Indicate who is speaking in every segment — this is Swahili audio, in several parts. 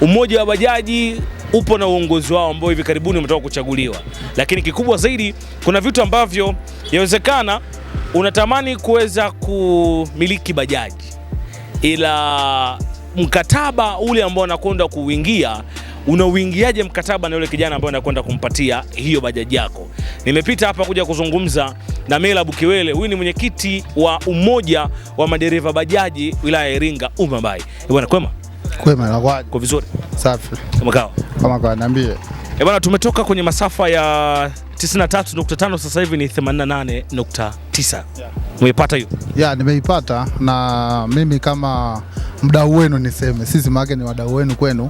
Speaker 1: Umoja wa bajaji upo na uongozi wao ambao hivi karibuni umetoka kuchaguliwa, lakini kikubwa zaidi kuna vitu ambavyo yawezekana unatamani kuweza kumiliki bajaji, ila mkataba ule ambao anakwenda kuuingia unauingiaje mkataba na yule kijana ambaye anakwenda kumpatia hiyo bajaji yako? Nimepita hapa kuja kuzungumza na Mela Bukiwele, huyu ni mwenyekiti wa umoja wa madereva bajaji wilaya ya Iringa, umabai bwana kwema
Speaker 2: Kwema na kwa. Kwa vizuri. Safi. Kama kawa. Kama kawa niambie.
Speaker 1: Eh, bwana tumetoka kwenye masafa ya 93.5 sasa hivi ni 88.9. Yeah. Umeipata hiyo?
Speaker 2: Yeah, nimeipata na mimi kama mdau wenu niseme, sisi maana ni wadau wenu kwenu,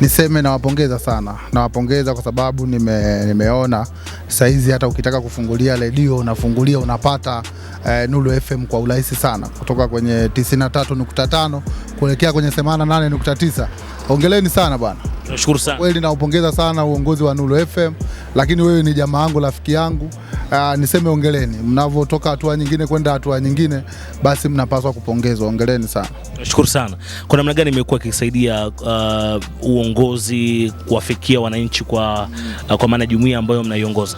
Speaker 2: niseme nawapongeza sana, nawapongeza kwa sababu nime, nimeona saizi hata ukitaka kufungulia redio unafungulia unapata eh, Nuru FM kwa urahisi sana kutoka kwenye 93.5 kuelekea kwenye 88.9. ongeleni sana bwana. Tunashukuru sana. Kweli naupongeza sana uongozi wa Nuru FM, lakini wewe ni jamaa yangu, rafiki yangu. Uh, niseme ongeleni mnavyotoka hatua nyingine kwenda hatua nyingine, basi mnapaswa kupongezwa. ongeleni sana,
Speaker 1: nashukuru sana. Kwa namna gani imekuwa ikisaidia uh, ah, uongozi kuwafikia wananchi kwa, uh, kwa maana jumuiya ambayo mnaiongoza?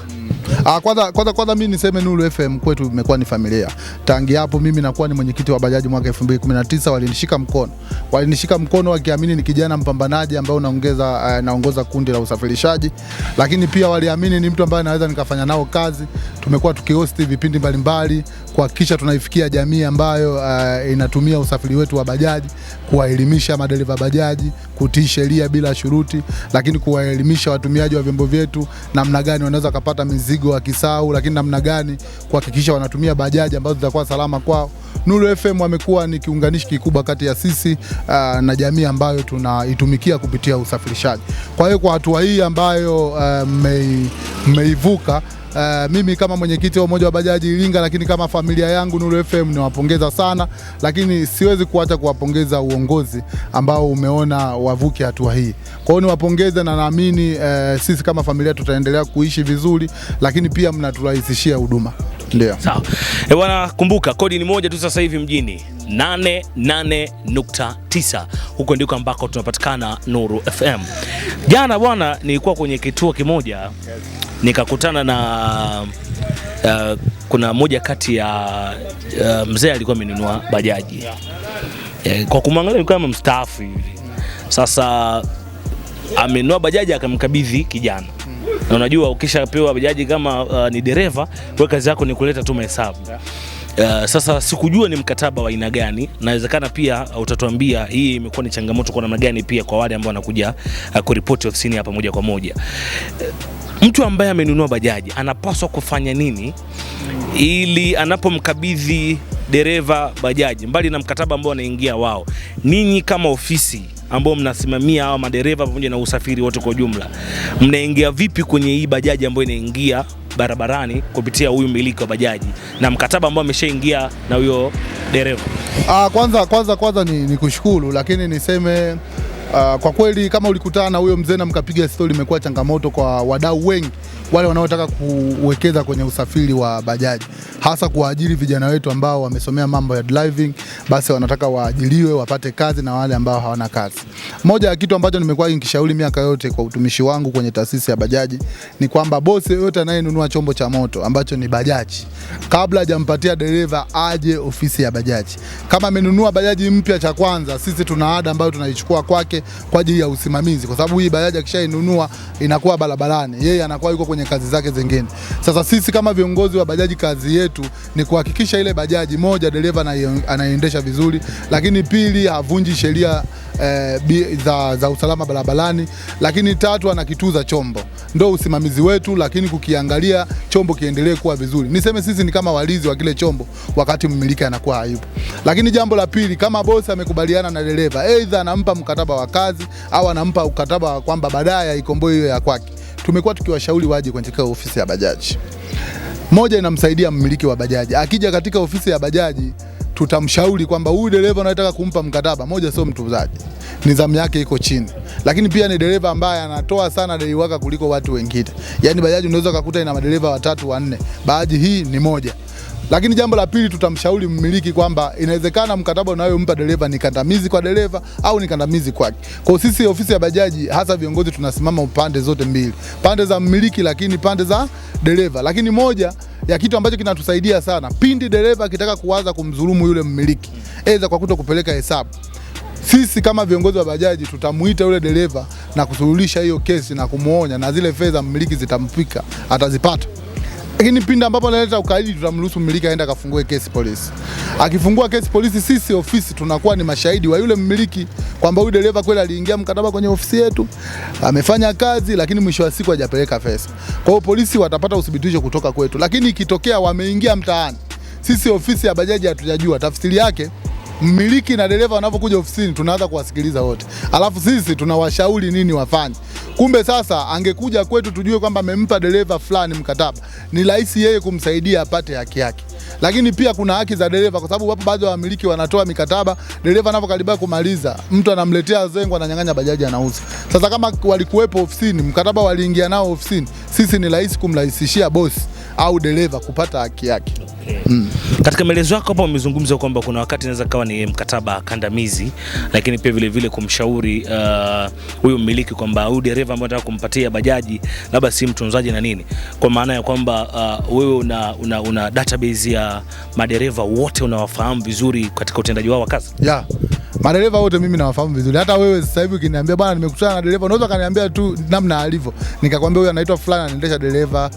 Speaker 2: Ah, kwanza kwanza kwanza mimi niseme Nuru FM kwetu imekuwa ni familia. tangi hapo mimi nakuwa ni mwenyekiti wa bajaji mwaka 2019 walinishika mkono. Walinishika mkono wakiamini ni kijana mpambanaji ambaye unaongeza uh, naongoza kundi la usafirishaji. Lakini pia waliamini ni mtu ambaye naweza nikafanya nao kazi. Tumekuwa tukihost vipindi mbalimbali, kuhakikisha tunaifikia jamii ambayo uh, inatumia usafiri wetu wa bajaji, kuwaelimisha madereva bajaji kutii sheria bila shuruti, lakini kuwaelimisha watumiaji wa vyombo vyetu namna gani wanaweza kupata mizigo wakisahau, lakini namna gani kuhakikisha wanatumia bajaji ambazo zitakuwa salama kwao. Nuru FM wamekuwa ni kiunganishi kikubwa kati ya sisi uh, na jamii ambayo tunaitumikia kupitia usafirishaji. Kwa hiyo kwa hatua hii ambayo uh, mmeivuka uh, Uh, mimi kama mwenyekiti wa umoja wa bajaji Iringa, lakini kama familia yangu Nuru FM niwapongeza sana, lakini siwezi kuacha kuwapongeza uongozi ambao umeona wavuke hatua hii. Kwa hiyo niwapongeze na naamini uh, sisi kama familia tutaendelea kuishi vizuri, lakini pia mnaturahisishia huduma. Ndio
Speaker 1: sawa. Eh, bwana, kumbuka kodi ni moja tu sasa hivi mjini 88.9. Huko ndiko ambako tunapatikana Nuru FM. Jana bwana, nilikuwa kwenye kituo kimoja nikakutana na uh, kuna moja kati ya uh, mzee alikuwa amenunua bajaji yeah. Kwa kumwangalia kama mstaafu hivi sasa, amenunua bajaji akamkabidhi kijana na unajua ukishapewa bajaji kama uh, ni dereva, wewe kazi yako ni kuleta tu mahesabu yeah. Uh, sasa sikujua ni mkataba wa aina gani. Nawezekana pia uh, utatuambia hii imekuwa ni changamoto kwa namna gani, pia kwa wale ambao wanakuja uh, kuripoti ofisini hapa moja kwa moja. Uh, mtu ambaye amenunua bajaji anapaswa kufanya nini ili anapomkabidhi dereva bajaji, mbali na mkataba ambao wanaingia wao, ninyi kama ofisi ambao mnasimamia hawa madereva pamoja na usafiri wote kwa ujumla, mnaingia vipi kwenye hii bajaji ambayo inaingia barabarani kupitia huyu mmiliki wa bajaji na mkataba ambao ameshaingia na huyo dereva?
Speaker 2: Ah, kwanza kwanza kwanza ni, ni kushukuru lakini niseme Uh, kwa kweli kama ulikutana na huyo mzee na mkapiga stori, imekuwa changamoto kwa wadau wengi wale wanaotaka kuwekeza kwenye usafiri wa bajaji, hasa kuwaajiri vijana wetu ambao wamesomea mambo ya driving, basi wanataka waajiriwe wapate kazi na wale ambao hawana kazi. Moja ya kitu ambacho nimekuwa nikishauri miaka yote kwa utumishi wangu kwenye taasisi ya bajaji ni kwamba bosi yoyote anayenunua chombo cha moto ambacho ni bajaji, kabla hajampatia dereva aje ofisi ya bajaji. Kama amenunua bajaji mpya, cha kwanza sisi tuna ada ambayo tunaichukua kwake kwa ajili ya usimamizi, kwa sababu hii bajaji akishainunua inakuwa barabarani, yeye anakuwa yuko kwenye kazi zake zingine. Sasa sisi kama viongozi wa bajaji, kazi yetu ni kuhakikisha ile bajaji, moja, dereva anaiendesha vizuri, lakini pili, havunji sheria eh, za, za usalama barabarani, lakini tatu, anakituza chombo ndo usimamizi wetu, lakini kukiangalia chombo kiendelee kuwa vizuri. Niseme sisi ni kama walizi wa kile chombo wakati mmiliki anakuwa hayupo. Lakini jambo la pili, kama bosi amekubaliana na dereva, aidha anampa mkataba wa kazi au anampa mkataba wa kwamba baadaye aikomboe hiyo ya kwake, tumekuwa tukiwashauri waje katika ofisi ya bajaji. Moja, inamsaidia mmiliki wa bajaji, akija katika ofisi ya bajaji tutamshauri kwamba huyu dereva anataka kumpa mkataba, moja, sio mtuzaji nidhamu yake iko chini, lakini pia ni dereva ambaye anatoa sana dai waka kuliko watu wengine. Yani bajaji unaweza kukuta ina madereva watatu wanne, bajaji hii ni moja. Lakini jambo la pili, tutamshauri mmiliki kwamba inawezekana mkataba unayompa dereva ni kandamizi kwa dereva au ni kandamizi kwake. Kwa sisi ofisi ya bajaji, hasa viongozi, tunasimama upande zote mbili, pande za mmiliki, lakini pande za dereva. Lakini moja ya kitu ambacho kinatusaidia sana pindi dereva akitaka kuanza kumdhulumu yule mmiliki, aidha kwa kuto kupeleka hesabu sisi kama viongozi wa bajaji tutamuita yule dereva na kusuluhisha hiyo kesi na kumwonya, na zile fedha mmiliki zitampika, atazipata. Lakini pindi ambapo analeta ukaidi, tutamruhusu mmiliki aende akafungue kesi polisi. Akifungua kesi polisi, sisi ofisi tunakuwa ni mashahidi wa yule mmiliki kwamba huyu dereva kweli aliingia mkataba kwenye ofisi yetu, amefanya kazi, lakini mwisho wa siku hajapeleka pesa. Kwa hiyo polisi watapata uthibitisho kutoka kwetu, lakini ikitokea wameingia mtaani, sisi ofisi ya bajaji hatujajua tafsiri yake mmiliki na dereva wanapokuja ofisini tunaanza kuwasikiliza wote, alafu sisi tunawashauri nini wafanye. Kumbe sasa angekuja kwetu tujue kwamba amempa dereva fulani mkataba, ni rahisi yeye kumsaidia apate haki yake lakini pia kuna haki za dereva, kwa sababu wapo baadhi ya wamiliki wanatoa mikataba, dereva anapokaribia kumaliza, mtu anamletea zengo, ananyang'anya bajaji, anauza. Sasa kama walikuwepo ofisini, mkataba waliingia nao ofisini, sisi ni rahisi kumrahisishia bosi au dereva kupata haki yake. Okay.
Speaker 1: Mm. Katika maelezo yako hapa umezungumza kwamba kuna wakati inaweza kawa ni mkataba kandamizi, lakini pia vile vile kumshauri huyu uh, mmiliki kwamba huyu dereva ambaye anataka kumpatia bajaji labda si mtunzaji na nini, kwa maana ya kwamba uh, wewe una, una, una database ya madereva wote unawafahamu vizuri katika utendaji wao wa kazi
Speaker 2: yeah. Madereva wote mimi nawafahamu vizuri. Hata wewe sasa hivi ukiniambia bwana, nimekutana na dereva, unaweza kaniambia tu namna alivyo, nikakwambia huyu anaitwa fulani, anaendesha dereva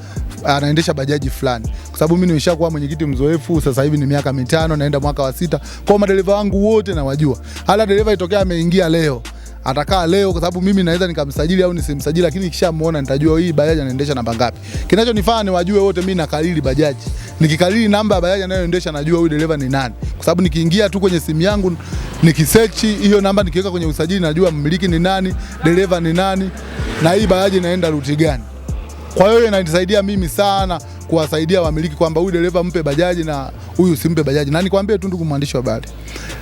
Speaker 2: anaendesha bajaji fulani, kwa sababu mimi nimeshakuwa mwenyekiti mzoefu sasa hivi ni miaka mitano naenda mwaka wa sita. Kwa hiyo madereva wangu wote nawajua, hala dereva itokea ameingia leo atakaa leo kwa sababu mimi naweza nikamsajili au nisimsajili, lakini kishamuona nitajua hii bajaji anaendesha namba ngapi. Kinachonifaa ni wajue wote, mimi nakalili bajaji, nikikalili namba ya bajaji anayoendesha najua huyu dereva ni nani, kwa sababu nikiingia tu kwenye simu yangu nikisearch hiyo namba nikiweka kwenye usajili najua mmiliki ni nani, dereva ni nani, na hii bajaji inaenda ruti gani. Kwa hiyo inanisaidia mimi sana kuwasaidia wamiliki kwamba huyu dereva mpe bajaji na huyu simpe bajaji. Na nikwambie tu ndugu mwandishi wa habari,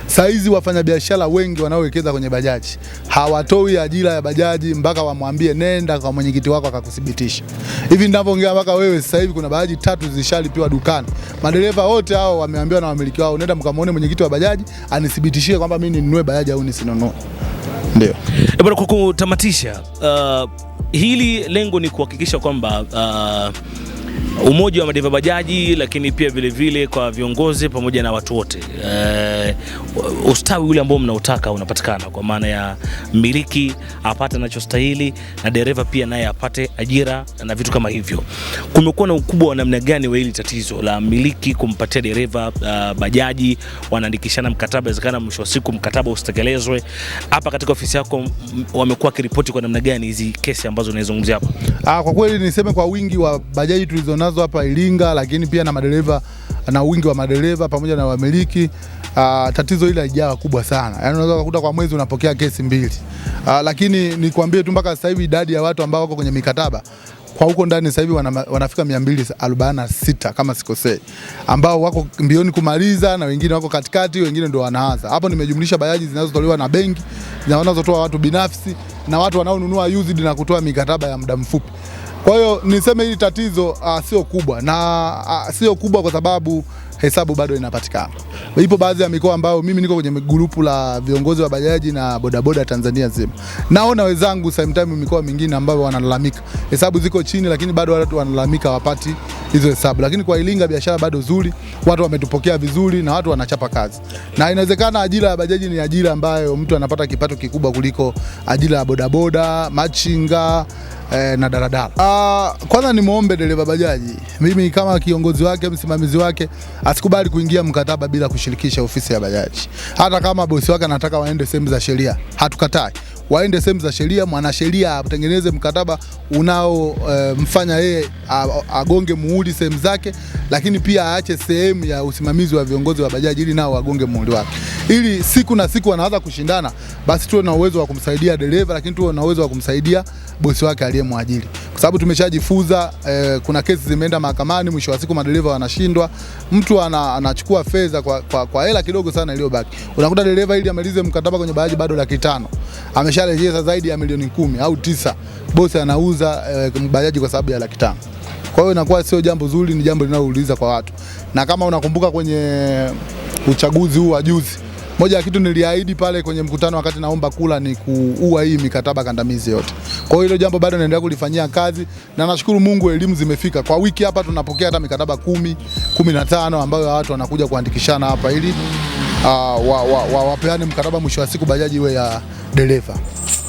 Speaker 2: saizi wafanyabiashara wengi wanaowekeza kwenye bajaji hawatoi ajira ya bajaji mpaka wamwambie nenda kwa mwenyekiti wako akakuthibitisha. Hivi ninavyoongea mpaka wewe sasa hivi kuna bajaji tatu zishalipiwa dukani. Madereva wote hao wameambiwa na wamiliki wao, nenda mkamwone mwenyekiti wa bajaji anithibitishie kwamba mimi ninunue bajaji au nisinunue.
Speaker 1: Ndio. Eh, bwana, kwa kutamatisha uh hili lengo ni kuhakikisha kwamba uh, umoja wa madereva bajaji, lakini pia vilevile vile kwa viongozi pamoja na watu wote uh, ustawi ule ambao mnautaka unapatikana kwa maana ya mmiliki apate anachostahili na dereva pia naye apate ajira na vitu kama hivyo. Kumekuwa na ukubwa wa namna gani wa hili tatizo la mmiliki kumpatia dereva uh, bajaji, wanaandikishana mkataba, wezekana mwisho wa siku mkataba usitekelezwe. Hapa katika ofisi yako wamekuwa kiripoti kwa namna gani hizi kesi ambazo unaizungumzia hapa?
Speaker 2: Ah, kwa kweli niseme kwa wingi wa bajaji tulizo tunazo hapa Iringa, lakini pia na madereva na wingi wa madereva pamoja na wamiliki Uh, tatizo hili haijawa kubwa sana, yaani unaweza kukuta kwa mwezi unapokea kesi mbili. Uh, lakini nikwambie tu mpaka sasa hivi idadi ya watu ambao wako kwenye mikataba kwa huko ndani sasa hivi wanafika 246 kama sikosei, ambao wako mbioni kumaliza na wengine wako katikati, wengine ndio wanaanza. Hapo nimejumlisha bajaji zinazotolewa na benki zinazotoa watu binafsi na watu wanaonunua used na kutoa mikataba ya muda mfupi. Kwa hiyo niseme hili tatizo uh, sio kubwa na uh, sio kubwa kwa sababu hesabu bado inapatikana. Ipo baadhi ya mikoa ambayo mimi niko kwenye grupu la viongozi wa bajaji na bodaboda Tanzania nzima, naona wenzangu sometime mikoa mingine ambayo wanalalamika hesabu ziko chini, lakini bado watu wanalalamika wapati hizo hesabu. Lakini kwa Ilinga biashara bado nzuri, watu wametupokea vizuri na watu wanachapa kazi, na inawezekana ajira ya bajaji ni ajira ambayo mtu anapata kipato kikubwa kuliko ajira ya bodaboda, machinga eh, na daladala. Uh, kwanza nimwombe dereva bajaji, mimi kama kiongozi wake, msimamizi wake, asikubali kuingia mkataba bila kushirikisha ofisi ya bajaji. Hata kama bosi wake anataka waende sehemu za sheria, hatukatai waende sehemu za sheria, mwanasheria atengeneze mkataba unaomfanya eh, e, yeye agonge muhuri sehemu zake, lakini pia aache sehemu ya usimamizi wa viongozi wa bajaji ili nao wagonge muhuri wake, ili siku na siku wanaanza kushindana, basi tuwe na uwezo wa kumsaidia dereva, lakini tuwe na uwezo wa kumsaidia bosi wake aliyemwajiri, kwa sababu tumeshajifunza e, kuna kesi zimeenda mahakamani, mwisho wa siku madereva wanashindwa, mtu ana, anachukua fedha kwa hela kwa, kwa kidogo sana iliyobaki, unakuta dereva ili amalize mkataba kwenye bajaji bado laki tano ame amesharejeza zaidi ya milioni kumi au tisa, bosi anauza e, bajaji kwa sababu ya laki tano. Kwa hiyo inakuwa sio jambo zuri, ni jambo linalouliza kwa watu, na kama unakumbuka kwenye uchaguzi huu wa juzi moja ya kitu niliahidi pale kwenye mkutano wakati naomba kula ni kuua hii mikataba kandamizi yote. Kwa hiyo hilo jambo bado naendelea kulifanyia kazi na nashukuru Mungu elimu zimefika. Kwa wiki hapa tunapokea hata mikataba kumi, kumi na tano ambayo watu wanakuja kuandikishana hapa ili uh, ah, wapeane wa, wa, wa mkataba mwisho wa siku bajaji iwe ya dereva.